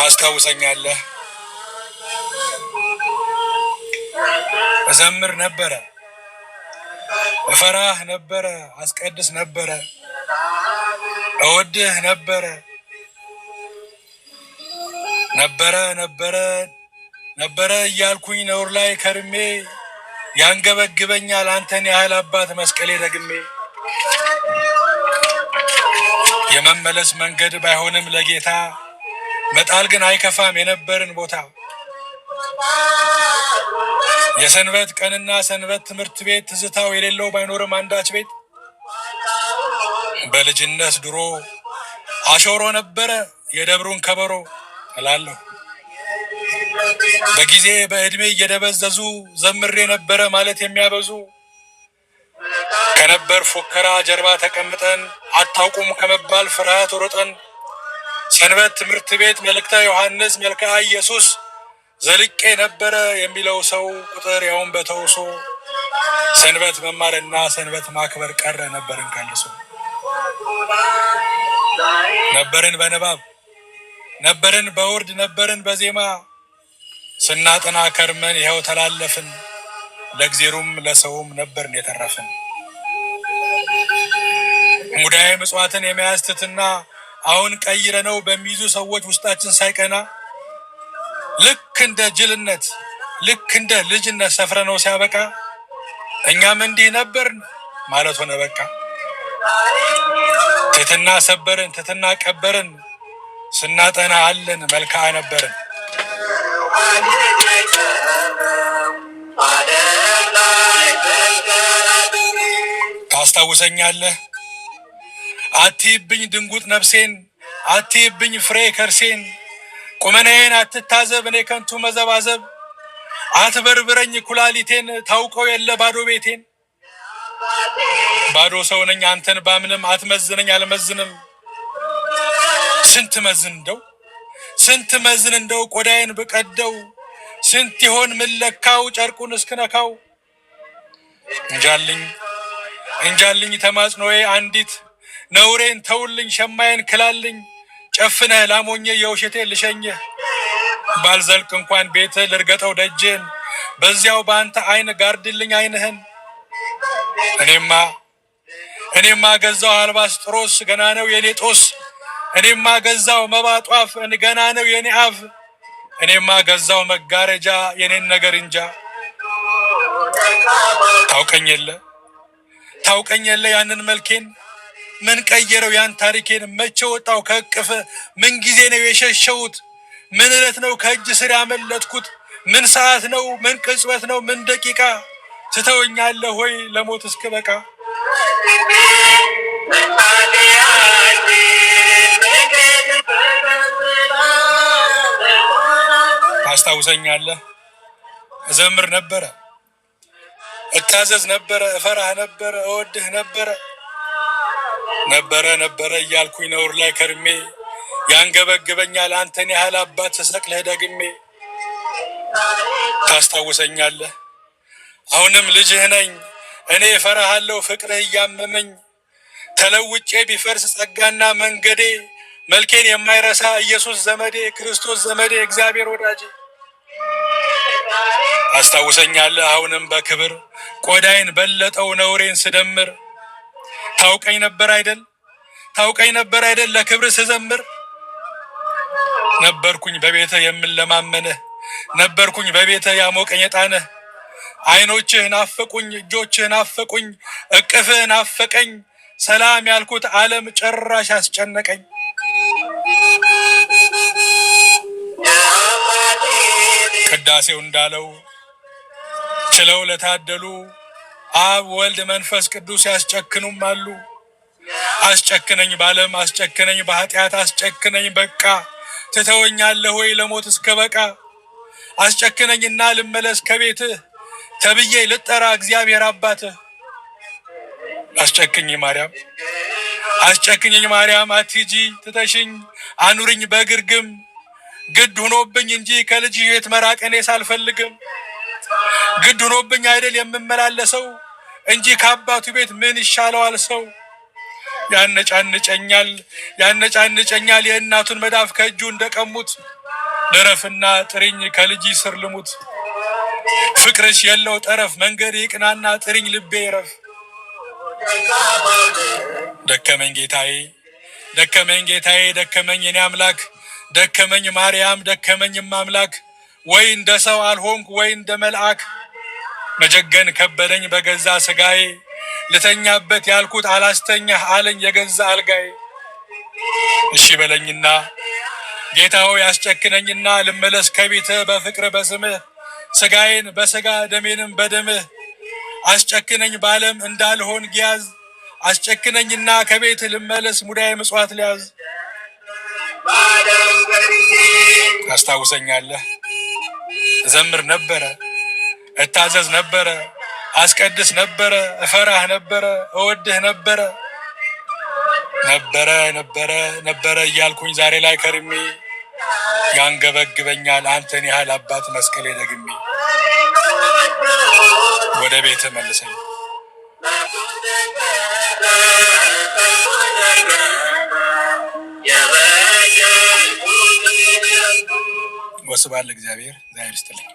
ታስታውሰኛለህ? እዘምር ነበረ፣ እፈራህ ነበረ፣ አስቀድስ ነበረ፣ እወድህ ነበረ ነበረ ነበረ ነበረ እያልኩኝ ነውር ላይ ከርሜ ያንገበግበኛል አንተን ያህል አባት መስቀሌ ደግሜ የመመለስ መንገድ ባይሆንም ለጌታ መጣል ግን አይከፋም። የነበርን ቦታ የሰንበት ቀንና ሰንበት ትምህርት ቤት ትዝታው የሌለው ባይኖርም አንዳች ቤት በልጅነት ድሮ አሾሮ ነበረ የደብሩን ከበሮ እላለሁ። በጊዜ በእድሜ እየደበዘዙ ዘምሬ ነበረ ማለት የሚያበዙ ከነበር ፉከራ ጀርባ ተቀምጠን አታውቁም ከመባል ፍርሃት ሮጠን ሰንበት ትምህርት ቤት መልእክተ ዮሐንስ መልክአ ኢየሱስ ዘልቄ ነበረ የሚለው ሰው ቁጥር ያውም በተውሶ ሰንበት መማርና ሰንበት ማክበር ቀረ። ነበርን ከልሶ ነበርን በንባብ ነበርን በውርድ ነበርን በዜማ ስናጠና ከርመን ይኸው ተላለፍን። ለእግዜሩም ለሰውም ነበርን የተረፍን ሙዳይ ምጽዋትን የመያዝ አሁን ቀይረ ነው በሚይዙ ሰዎች ውስጣችን ሳይቀና ልክ እንደ ጅልነት ልክ እንደ ልጅነት ሰፍረ ነው ሲያበቃ እኛም እንዲህ ነበርን ማለት ሆነ በቃ። ትትና ሰበርን ትትና ቀበርን ስናጠና አለን መልክዓ ነበርን። ታስታውሰኛለህ አትይብኝ ድንጉጥ ነፍሴን፣ አትይብኝ ፍሬ ከርሴን። ቁመናዬን አትታዘብ እኔ ከንቱ መዘባዘብ፣ አትበርብረኝ ኩላሊቴን። ታውቀው የለ ባዶ ቤቴን። ባዶ ሰው ነኝ አንተን ባምንም፣ አትመዝነኝ አልመዝንም። ስንት መዝን እንደው ስንት መዝን እንደው ቆዳዬን ብቀደው ስንት ይሆን ምለካው ጨርቁን እስክነካው። እንጃልኝ እንጃልኝ ተማጽኖዬ አንዲት ነውሬን ተውልኝ፣ ሸማዬን ክላልኝ፣ ጨፍነህ ላሞኘ የውሸቴ ልሸኘህ ባልዘልቅ እንኳን ቤት ልርገጠው ደጄን፣ በዚያው በአንተ አይን ጋርድልኝ አይንህን። እኔማ እኔማ ገዛው አልባስጥሮስ ገና ነው የኔ ጦስ፣ እኔማ ገዛው መባ ጧፍ ገና ነው የኔ አፍ፣ እኔማ ገዛው መጋረጃ የኔን ነገር እንጃ። ታውቀኝ የለ ታውቀኝ የለ ያንን መልኬን ምን ቀየረው ያን ታሪኬን? መቼ ወጣው ከእቅፍ? ምን ጊዜ ነው የሸሸሁት? ምን ዕለት ነው ከእጅ ስር ያመለጥኩት? ምን ሰዓት ነው? ምን ቅጽበት ነው? ምን ደቂቃ ትተወኛለህ ሆይ ለሞት እስክበቃ? ታስታውሰኛለህ? እዘምር ነበረ፣ እታዘዝ ነበረ፣ እፈራህ ነበረ፣ እወድህ ነበረ ነበረ ነበረ እያልኩኝ ነውር ላይ ከርሜ ያንገበግበኛል አንተን ያህል አባት ተሰቅለህ ደግሜ። ታስታውሰኛለህ አሁንም ልጅህ ነኝ እኔ እፈራሃለሁ ፍቅርህ እያመመኝ ተለውጬ ቢፈርስ ጸጋና መንገዴ መልኬን የማይረሳ ኢየሱስ ዘመዴ ክርስቶስ ዘመዴ እግዚአብሔር ወዳጄ ታስታውሰኛለህ አሁንም በክብር ቆዳዬን በለጠው ነውሬን ስደምር ታውቀኝ ነበር አይደል? ታውቀኝ ነበር አይደል? ለክብር ስዘምር ነበርኩኝ በቤተ የምለማመንህ ነበርኩኝ በቤተ ያሞቀኝ የጣነህ አይኖችህ አፈቁኝ እጆችህ ናፈቁኝ፣ እቅፍህን ናፈቀኝ። ሰላም ያልኩት ዓለም ጭራሽ አስጨነቀኝ። ቅዳሴው እንዳለው ችለው ለታደሉ አብ ወልድ መንፈስ ቅዱስ ያስጨክኑም አሉ። አስጨክነኝ ባለም አስጨክነኝ፣ በኃጢአት አስጨክነኝ፣ በቃ ትተወኛለህ ወይ ለሞት እስከ በቃ አስጨክነኝና ልመለስ ከቤትህ ተብዬ ልጠራ እግዚአብሔር አባትህ። አስጨክኝ ማርያም አስጨክኝኝ ማርያም አትጂ ትተሽኝ አኑርኝ በግርግም ግድ ሆኖብኝ እንጂ ከልጅ ሕይወት መራቅ እኔ ሳልፈልግም ግድ ሆኖብኝ አይደል የምመላለሰው እንጂ ከአባቱ ቤት ምን ይሻለዋል ሰው? ያነጫንጨኛል ያነጫንጨኛል የእናቱን መዳፍ ከእጁ እንደቀሙት ልረፍና ጥሪኝ ከልጅ ስር ልሙት። ፍቅርሽ የለው ጠረፍ መንገድ ይቅናና ጥሪኝ ልቤ ይረፍ። ደከመኝ ጌታዬ ደከመኝ ጌታዬ ደከመኝ እኔ አምላክ ደከመኝ ማርያም ደከመኝም አምላክ ወይ እንደ ሰው አልሆንኩ ወይ እንደ መልአክ መጀገን ከበደኝ በገዛ ስጋዬ ልተኛበት ያልኩት አላስተኛህ አለኝ የገዛ አልጋዬ። እሺ በለኝና ጌታ ሆይ አስጨክነኝና ልመለስ ከቤትህ በፍቅር በስምህ ስጋዬን በስጋ ደሜንም በደምህ አስጨክነኝ ባለም እንዳልሆን ጊያዝ አስጨክነኝና ከቤት ልመለስ ሙዳይ ምጽዋት ሊያዝ ታስታውሰኛለህ እዘምር ነበረ እታዘዝ ነበረ፣ አስቀድስ ነበረ፣ እፈራህ ነበረ፣ እወድህ ነበረ ነበረ ነበረ ነበረ እያልኩኝ ዛሬ ላይ ከርሜ ያንገበግበኛል አንተን ያህል አባት መስቀሌ ደግሜ ወደ ቤት መልሰኝ። ወስብሐት ለእግዚአብሔር ዛሬ ስትልኝ